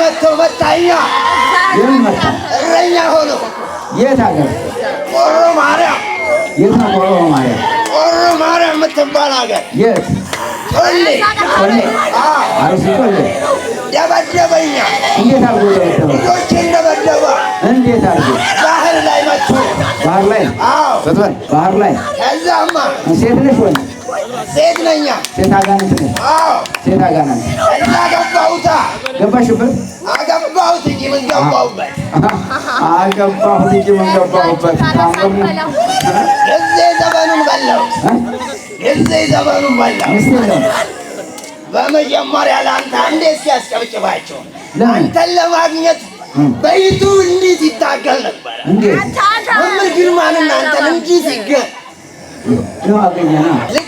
መጥቶ መጣኛ እረኛ ሆኖ የት አገር ቆሮ ማርያም የት ቆሮ ማርያም ቆሮ ማርያም የምትባል አገር የት እንዴት አድርጎ ደበደበ ልጆችን እንዴት አድርጎ ባህር ላይ መጥቶ ባህር ላይ አዎ ሴት ነሽ ወይ ሴት ነኛ ሴት አጋንንት ነኝ። ሴት አጋንንት እና ገባሁታ ገባሽበት አገባሁት እንጂ ምን ገባሁበት አገባሁት እንጂ ምን ገባሁበት። ዘመኑን በላው ጊዜ ዘመኑን በላው። በመጀመሪያ ለአንተ አንዴ ሲያስጨብጭባቸው አንተን ለማግኘት በይቱ እንዴት ይታገል ነበረ። መምህር ግርማን እናንተን እንዲህ ሲገ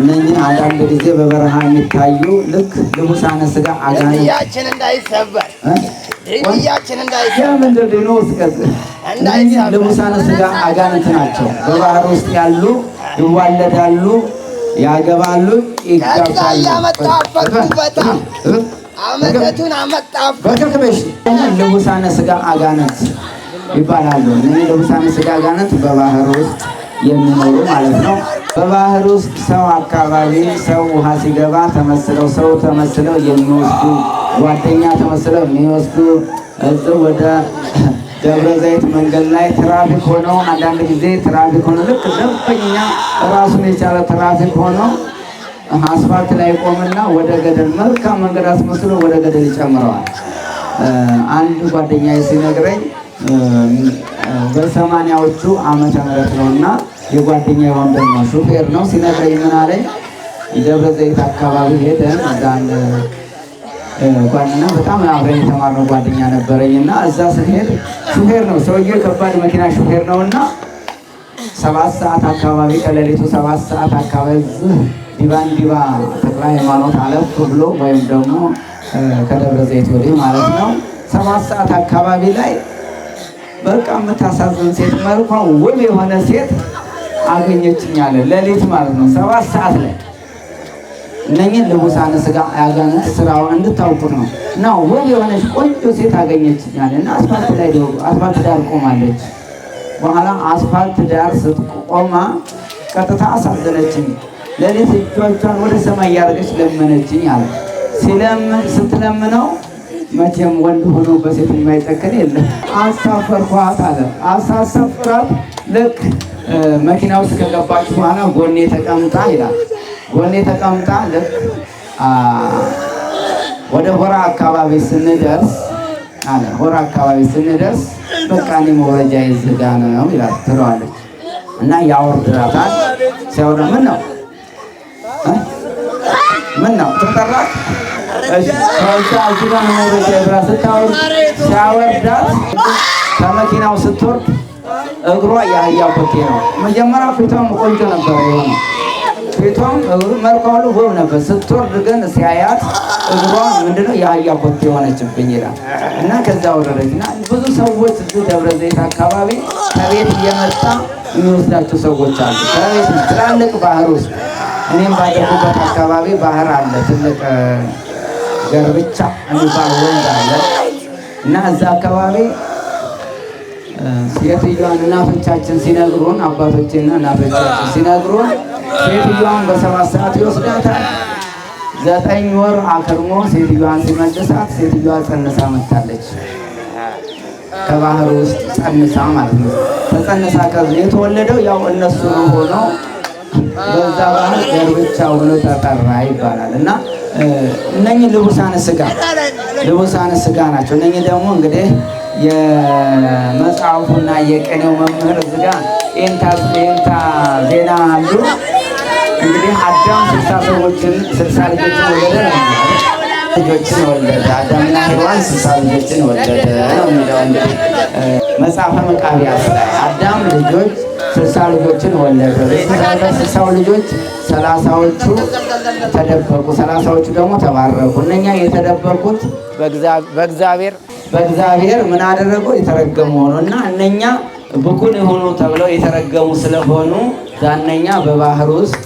እነኚህ አንዳንድ ጊዜ በበረሃ የሚታዩ ልክ ልቡሳነ ስጋ አጋንንታችን እንዳይሰበር ልቡሳነ ስጋ አጋንንት ናቸው። በባህር ውስጥ ያሉ ይዋለዳሉ፣ ያገባሉ፣ ይጋባሉ። ልቡሳነ ስጋ አጋንንት ይባላሉ። እነኚህ ልቡሳነ ስጋ አጋንንት በባህር ውስጥ የሚኖሩ ማለት ነው። በባህር ውስጥ ሰው አካባቢ ሰው ውሃ ሲገባ ተመስለው ሰው ተመስለው የሚወስዱ ጓደኛ ተመስለው የሚወስዱ እዚህ ወደ ደብረ ዘይት መንገድ ላይ ትራፊክ ሆነው አንዳንድ ጊዜ ትራፊክ ሆነው ልክ ደንበኛ ራሱን የቻለ ትራፊክ ሆኖ አስፋልት ላይ ቆምና ወደ ገደል መልካም መንገድ አስመስሎ ወደ ገደል ይጨምረዋል። አንድ ጓደኛ ሲነግረኝ በሰማንያዎቹ ዓመተ ምህረት ነውና የጓደኛ የሆን ደግሞ ሹፌር ነው ሲነግረኝ ምን አለኝ፣ ደብረ ዘይት አካባቢ ሄደን እዛ ጓደኛ በጣም አብረን የተማርነው ጓደኛ ነበረኝ እና እዛ ስንሄድ ሹፌር ነው ሰውዬ፣ ከባድ መኪና ሹፌር ነው እና ሰባት ሰዓት አካባቢ ከሌሊቱ ሰባት ሰዓት አካባቢ ዲባንዲባ ተክለ ሃይማኖት አለፍ ብሎ ወይም ደግሞ ከደብረ ዘይት ወዲህ ማለት ነው ሰባት ሰዓት አካባቢ ላይ በቃ የምታሳዝን ሴት መልኳ ውብ የሆነ ሴት አገኘችኝ አለ። ሌሊት ማለት ነው ሰባት ሰዓት ላይ እነኝን ልቡሳነ ስጋ ያጋንንት ስራውን እንድታውቁ ነው። እና ውብ የሆነች ቆንጆ ሴት አገኘችኝ አለ እና አስፋልት ላይ አስፋልት ዳር ቆማለች። በኋላ አስፋልት ዳር ስትቆማ ቀጥታ አሳዘነችኝ። ሌሊት እጆቿን ወደ ሰማይ እያደረገች ለመነችኝ አለ። ሲለምን ስትለምነው መቼም ወንድ ሆኖ በሴት የማይጠቀን የለም። አሳፈርኳት አለ። አሳሰፍራት ልክ መኪና ውስጥ ከገባች በኋላ ጎኔ ተቀምጣ ይላል። ጎኔ ተቀምጣ ልክ ወደ ሆራ አካባቢ ስንደርስ አለ ሆራ አካባቢ ስንደርስ በቃ እኔ መውረጃ የዝጋ ነው ይላል ትለዋለች እና ያወርድራታል። ሲያወርዳ ምን ነው ምን ነው ትጠራ ትጠራት ስታወር ሲያወርዳት ከመኪናው ስትወርድ እግሯ የአህያ ኮቴ ነው። መጀመሪያ ፊቷም ቆንጆ ነበር የሆነ ፊቷም እግሩ ውብ ነበር። ስትወርድ ግን ሲያያት እግሯ ምንድነው የአህያ ኮቴ የሆነችብኝ ይላል እና ከዛ ወረደች እና ብዙ ሰዎች እዚህ ደብረ ዘይት አካባቢ ከቤት እየመጣ የሚወስዳቸው ሰዎች አሉ። ከቤት ትላልቅ ባህር ውስጥ እኔም ባደጉበት አካባቢ ባህር አለ። ትልቅ ገርብቻ የሚባል ወንዝ አለ እና እዛ አካባቢ ሴትዮዋን እናቶቻችን ሲነግሩን አባቶችና እናቶቻችን ሲነግሩን ሴትዮዋን በሰባት ሰዓት ይወስዳታል። ዘጠኝ ወር አከርሞ ሴትዮዋን ሲመልሳት ሴትዮዋ ጸንሳ መታለች። ከባህር ውስጥ ጸንሳ ማለት ነው። ተጸንሳ ከዚህ የተወለደው ያው እነሱ ነው ሆኖ በዛ ባህር ገርብቻ ሆኖ ተጠራ ይባላል እና እነኚህ ልቡሳን ስጋ ልቡሳን ስጋ ናቸው። እነኚህ ደግሞ እንግዲህ የመጽሐፉና የቅኔው መምህር እዚህ ጋር ኤንታ ዜና አሉ። እንግዲህ አዳም ስልሳ ሰዎችን ስልሳ ልጆችን ወለደ ልጆችን ወለደ። አዳምና ሔዋን ስልሳ ልጆችን ወለደ ነው የሚለው መጽሐፈ መቃብያት ላይ አዳም ልጆች ስልሳ ልጆችን ወለደ። ስልሳው ልጆች ሰላሳዎቹ ተደበቁ፣ ሰላሳዎቹ ደግሞ ተባረኩ። እነኛ የተደበቁት በእግዚአብሔር በእግዚአብሔር ምን አደረጉ? የተረገሙ ሆኑ እና እነኛ ብኩን የሆኑ ተብለው የተረገሙ ስለሆኑ ዛነኛ በባህር ውስጥ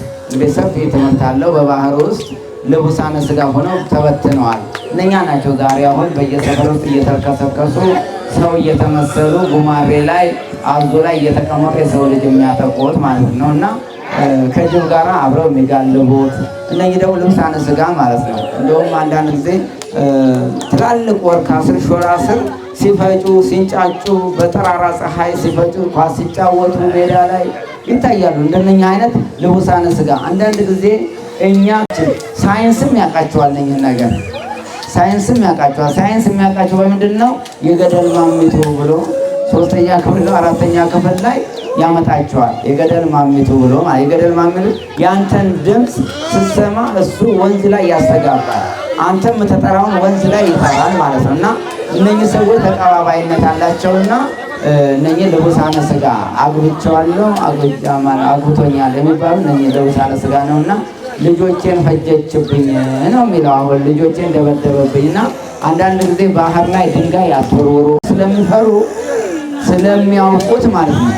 ሰፊ ትምህርት አለው። በባህር ውስጥ ልቡሳነ ስጋ ሆነው ተበትነዋል። እነኛ ናቸው ዛሬ አሁን በየሰፈር ውስጥ እየተከሰከሱ ሰው እየተመሰሉ ጉማሬ ላይ አዞ ላይ እየተቀመጠ የሰው ልጅ የሚያጠቁት ማለት ነው እና ከጅብ ጋር አብረው የሚጋልቡት እነዚህ ደግሞ ልብሳነ ስጋ ማለት ነው። እንደውም አንዳንድ ጊዜ ትላልቅ ወር ስር ሾላ ስር ሲፈጩ ሲንጫጩ፣ በጠራራ ፀሐይ ሲፈጩ፣ ኳስ ሲጫወቱ ሜዳ ላይ ይታያሉ። እንደነኛ አይነት ልቡሳነ ስጋ አንዳንድ ጊዜ እኛ ሳይንስም ያውቃቸዋል እነኝን ነገር ሳይንስም ያውቃቸዋል። ሳይንስ የሚያውቃቸው በምንድን ነው? የገደል ማሚቱ ብሎ ሶስተኛ ክፍል አራተኛ ክፍል ላይ ያመጣቸዋል። የገደል ማሚቱ ብሎ የገደል ማሚቱ ያንተን ድምፅ ስትሰማ እሱ ወንዝ ላይ ያስተጋባል፣ አንተም የምትጠራውን ወንዝ ላይ ይጠራል ማለት ነው። እና እነኚህ ሰዎች ተቀባባይነት አላቸውና እነኚህ ልቡሳነ ስጋ አግብቼዋለሁ አግብቶኛል የሚባሉ እነኚህ ልቡሳነ ስጋ እና ልጆቼን ፈጀችብኝ ነው የሚለው። አሁን ልጆቼን ደበደበብኝና አንዳንድ ጊዜ ባህር ላይ ድንጋይ አትወርውሩ ስለሚፈሩ ስለሚያውቁት ማለት ነው።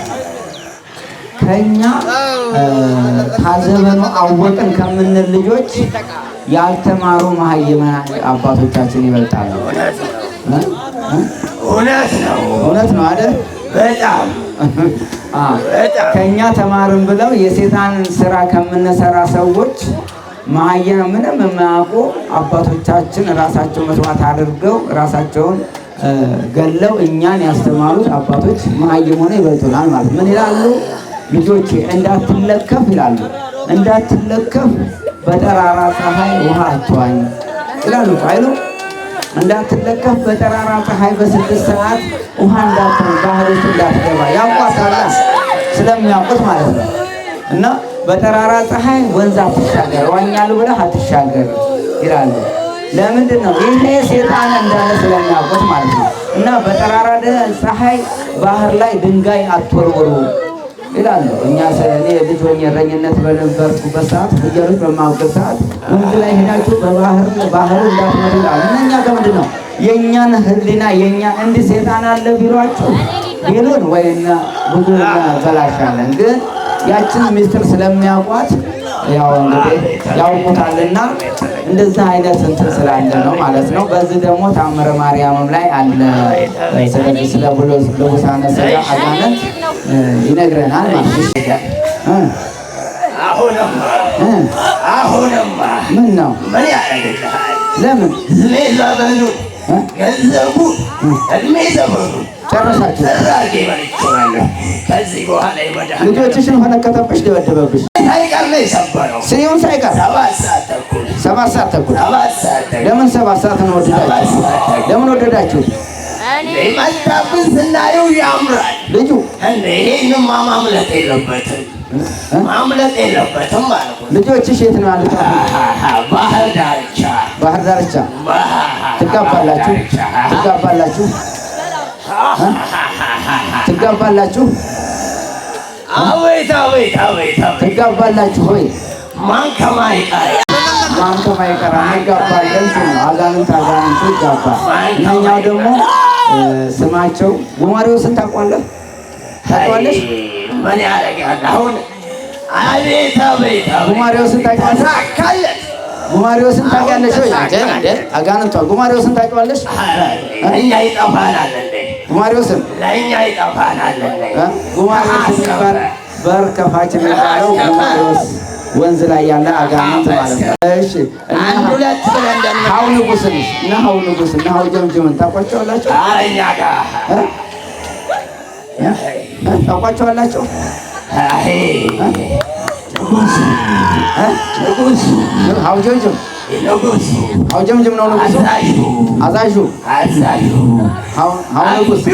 ከኛ ታዘበኑ አወቅን ከምንል ልጆች ያልተማሩ መሀይማን አባቶቻችን ይበልጣሉ። እውነት ነው፣ እውነት ነው አይደል? በጣም ከእኛ ተማርን ብለው የሴጣንን ስራ ከምንሰራ ሰዎች መሀያ ምንም የማያውቁ አባቶቻችን ራሳቸው መስዋዕት አድርገው ራሳቸውን ገለው እኛን ያስተማሩት አባቶች መሀይም ሆነ ይበልጡናል ማለት ምን ይላሉ? ልጆቼ እንዳትለከፍ ይላሉ። እንዳትለከፍ በጠራራ ፀሐይ ውሃ አትዋኝ ይላሉ አይሉ እንዳትለከፍ በጠራራ ፀሐይ በስድስት ሰዓት ውሃ እንዳትሆን ባህር ውስጥ እንዳትገባ ያውቋታል፣ ስለሚያውቁት ማለት ነው። እና በጠራራ ፀሐይ ወንዝ አትሻገር፣ ዋኛሉ ብለህ አትሻገር ይላሉ። ለምንድን ነው ይሄ ሴጣን እንዳለ ስለሚያውቁት ማለት ነው። እና በጠራራ ፀሐይ ባህር ላይ ድንጋይ አትወርውሩ ይላሉ። እኛ እኔ ልጅ ሆኜ እረኝነት በነበርኩበት ሰዓት ፍየሎች በማውቅበት ሰዓት ወንዝ ላይ ሄዳችሁ በባህር ባህሩ እንዳትመሩ ይላሉ። እና እኛ ከምንድን ነው የእኛን ህሊና የእኛ እንዲህ ሴጣን አለ ቢሏችሁ ይሉን ወይና ብዙ በላሻለን። ግን ያችን ሚስጥር ስለሚያውቋት ያው እንግዲህ ያውቁታልና እንደዚህ አይነት እንትን ስላለ ነው ማለት ነው። በዚህ ደግሞ ታምረ ማርያምም ላይ አለ ስለ ብሉስ ልቡሳነ ስጋ አጋንንት ይነግረናል ማለት ነው። አሁንማ አሁንማ ምን ነው ምን ያደርግልሃል? ለምን ሌላ በሉ ገንዘቡ እድሜ ዘመኑ ጨረሳችሁ። ራጌ በልችላለሁ። ከዚህ በኋላ ይወዳል። ልጆችሽን ፈነከተብሽ፣ ደበደበብሽ ሳይቀር ነው የሰበረው። ስሪውን ሳይቀር ሰባት ሰዓት ተኩል ለምን ሰባት ሰዓት ነው ወደዳችሁ? ለምን ወደዳችሁ? መጣብን ስናየው ያምራል ልጁ። ይሄንም ማምለጥ የለበትም ማምለጥ የለበትም ማለት ልጆችሽ የት ነው? ባህር ዳርቻ ባህር ዳርቻ ትጋባላችሁ ትጋባላችሁ ትጋባላችሁ አቤት አቤት አቤት ትጋባላችሁ ሆይ ማን ከማን ማን ከማን እንጋባለን ስም አጋንንት አጋንንቱ ይጋባል ይህኛው ደግሞ ስማቸው ጉማሬዎስን ታውቋለህ ታውቋለሽ ምን ያደርጋል አሁን አቤት አቤት ጉማሬዎስን ታውቋለህ ጉማሬዎስን ታውቂያለሽ ወይ? አጋንንቷል። ጉማሬዎስን ታውቂዋለሽ? ለእኛ ይጠፋናል። ጉማሬዎስን ለእኛ ይጠፋናል። ጉማሬዎስ የሚባል በር ከፋች የሚባለው ጉማሬዎስ ወንዝ ላይ ያለ አጋንንት ማለት ነው። እሺ አንድ ሁለት ስለንደን ሀው ንጉስን እና ሀው ንጉስ እና ሀው ጀምጀምን ታውቋቸዋላችሁ? አረኛ ጋር ታውቋቸዋላችሁ? አውጀምጀም ነው ንጉሱ፣ አዛዡ አሁ ንጉሱ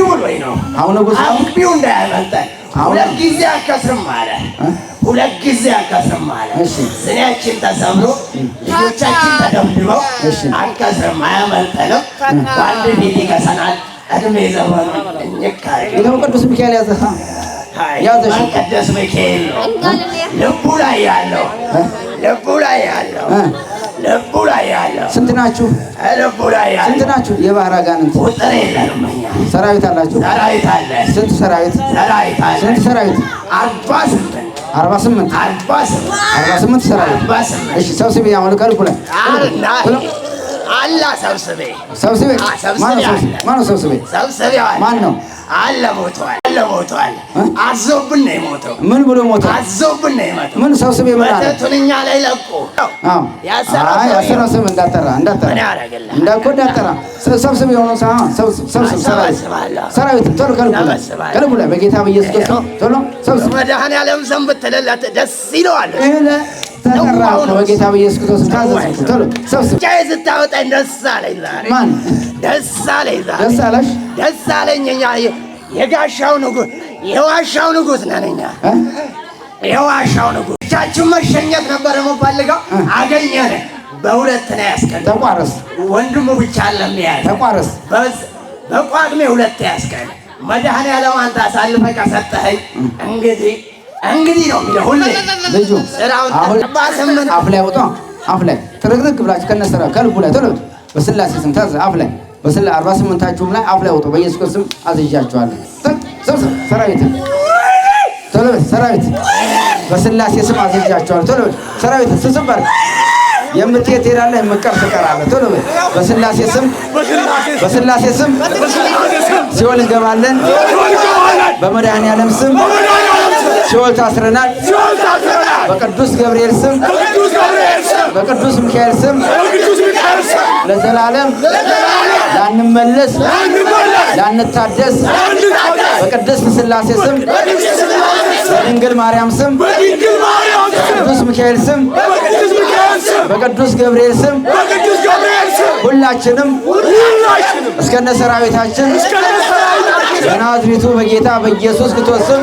ሁለት ጊዜ አከስርም አለ። ሁለት ጊዜ አከስርም አለ። ስንያችን ተሰብሮ ልጆቻችን ተደብድበው አንከስርም፣ አያመልጠንም። በአንድ ጊዜ ከሰናል እድሜ ዘመኑ ቅዱስ ሚካኤል ያዘ ቅዱስ ሚካኤል ነው ልቡ ላይ ያለው ልቡ ላይ ያለው ልቡ ላይ ያለው። ስንት ናችሁ? ልቡ ላይ ያለው ስንት ናችሁ? የባህር አጋንንት ቁጥር ሰራዊት አላችሁ? ሰራዊት አለ። ስንት ሰራዊት? ሰራዊት አለ። ስንት ሰራዊት? አርባ ስምንት አርባ ስምንት አርባ ስምንት ሰራዊት። እሺ ሰብስቤ አሁን ቀልኩ ላይ አላ ሰብስቤ ሰብስቤ ማነው? ሰብስቤ ሰብስቤ ማነው? አለ ሞቷል፣ አለ ሞቷል። አዘውብን ነው የሞተው። ምን ብሎ ሞተው? አዘውብን ነው የሞተው። ምን ሰው ስም ይበላል? መተቱን ላይ ለቁ። አዎ ያሰራ ስም እንዳጠራ እንዳጠራ ምን ያደርግልህ? እንዳቆ እንዳጠራ ሰው ስም የሆነው ሰው ሰራዊት ሰራዊት ቶሎ ከልኩላ ከልኩላ በጌታ በኢየሱስ ቶሎ ሰው መድኃኔዓለም ዘንድ ብትልለት ደስ ይለዋል። ተጠራሁ በጌታ በኢየሱስ ክርስቶስ ታዘዝኩ። ቶሎ ስታወጣኝ ደስ አለኝ። ዛሬ ማን ደስ አለኝ? ዛሬ ደስ አለሽ? ደስ አለኝ። የጋሻው ንጉሥ የዋሻው ንጉሥ ነነኛ የዋሻው ንጉሥ ብቻችሁን መሸኘት ነበር የምፈልገው። አገኘን። በሁለት ነው ያስቀን ተቋረስ። ወንድሙ ብቻ ለሚያዝ ተቋረስ። በጳጉሜ ሁለት ያስቀን። መድኃኔዓለም አንተ አሳልፈህ ከሰጠኸኝ እንግዲህ እንግዲህ ነው የሚለው ሁሌ ልጁ አፍ ላይ አውጣ አፍ ላይ ጥርቅርቅ ብላችሁ ከነሰራ ከልቡ ላይ ተለጡ በስላሴ ስም ታዝ አፍ ላይ በስላ 48ታችሁም ላይ አፍ ላይ አውጡ በኢየሱስ ክርስቶስ ስም አዝዣችኋለሁ። ሰራዊት ተለበት ሰራዊት በስላሴ ስም አዝዣችኋለሁ። ተለበት ሰራዊት ስብስብ የምትሄድ ትሄዳለህ፣ የምትቀር ትቀራለህ። ተለበት በስላሴ ስም በስላሴ ስም ሲኦል እንገባለን በመድኃኔ ዓለም ስም ሲኦል ታስረናል። በቅዱስ ገብርኤል ስም በቅዱስ ሚካኤል ስም ለዘላለም ላንመለስ ላንታደስ በቅድስት ስላሴ ስም በድንግል ማርያም ስም በቅዱስ ሚካኤል ስም በቅዱስ ገብርኤል ስም ሁላችንም እስከነ ሰራዊታችን በናዝሬቱ በጌታ በኢየሱስ ክርስቶስ ስም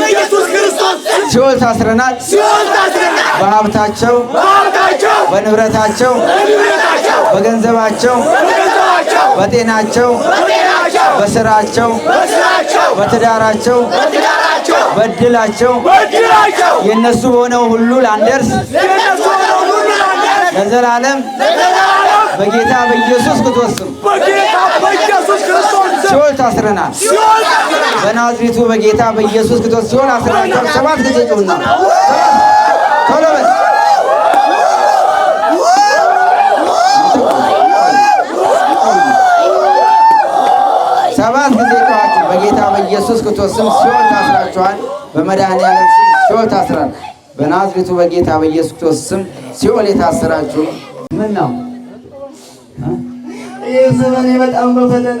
በኢየሱስ ክርስቶስ ሲኦል ታስረናል፣ ሲኦል ታስረናል። በሀብታቸው በሀብታቸው፣ በንብረታቸው በንብረታቸው፣ በገንዘባቸው በገንዘባቸው፣ በጤናቸው በጤናቸው፣ በስራቸው በስራቸው፣ በትዳራቸው በትዳራቸው፣ በእድላቸው በእድላቸው፣ የእነሱ በሆነው ሁሉ ላንደርስ የእነሱ በሆነው ሁሉ ላንደርስ ለዘላለም ለዘላለም በጌታ በኢየሱስ ክርስቶስ በጌታ በኢየሱስ ክርስቶስ ሲኦል ታስረናል። በናዝሬቱ በጌታ በኢየሱስ ክርስቶስ ሲኦል አስረናል። ሰባት ጊዜ ጮና ሰባት ጊዜ ጩኋችሁ በጌታ በኢየሱስ ክርስቶስ ስም ሲኦል ታስራችኋል። በመድኃኒዓለም ስም ሲኦል ታስራል። በናዝሬቱ በጌታ በኢየሱስ ክርስቶስ ስም ሲኦል የታሰራችሁ ምን ነው? ይህ ዘመኔ በጣም በፈተነ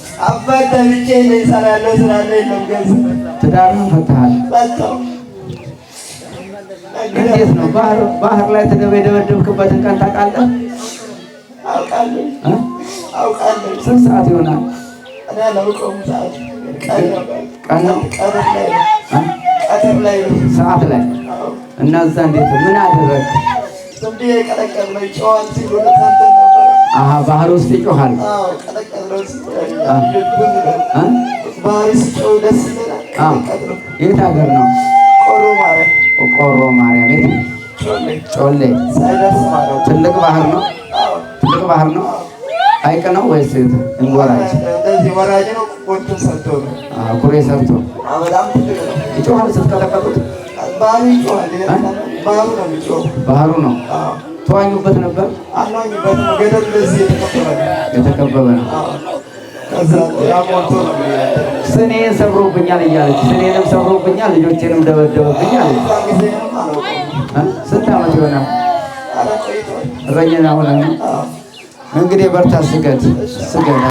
አባት ተብቼ ሰራ ያለው ስራ ያለ የለም። ገንዘብ ትዳርም ፈታሃል። እንዴት ነው ባህር ላይ ተደበ የደበደብክበትን ቀን ታውቃለህ? አውቃለሁ። ስንት ሰዓት ይሆናል? ሰዓት ላይ እና እዛ እንዴት ምን አደረግ? ባህር ውስጥ ይጮሃል የት ሀገር ነው? ቆሮ ማርያም የት? ጮሌ ትልቅ ባህር ነው። ትልቅ ባህር ነው። ሐይቅ ነው ወይስ ወራጅ? ኩሬ ሰርቶ ይጮሃል ስትቀጠቀጡት ባህሩ ነው። ተዋኙበት ነበር። ገደል እንደዚህ የተከበበ ነው። ስኔን ሰብሮብኛል እያለች ስኔንም ሰብሮብኛል፣ ልጆቼንም ደበደበብኝ ስንት ዓመት ይሆናል? እንግዲህ በርታ፣ ስገድ ስገድ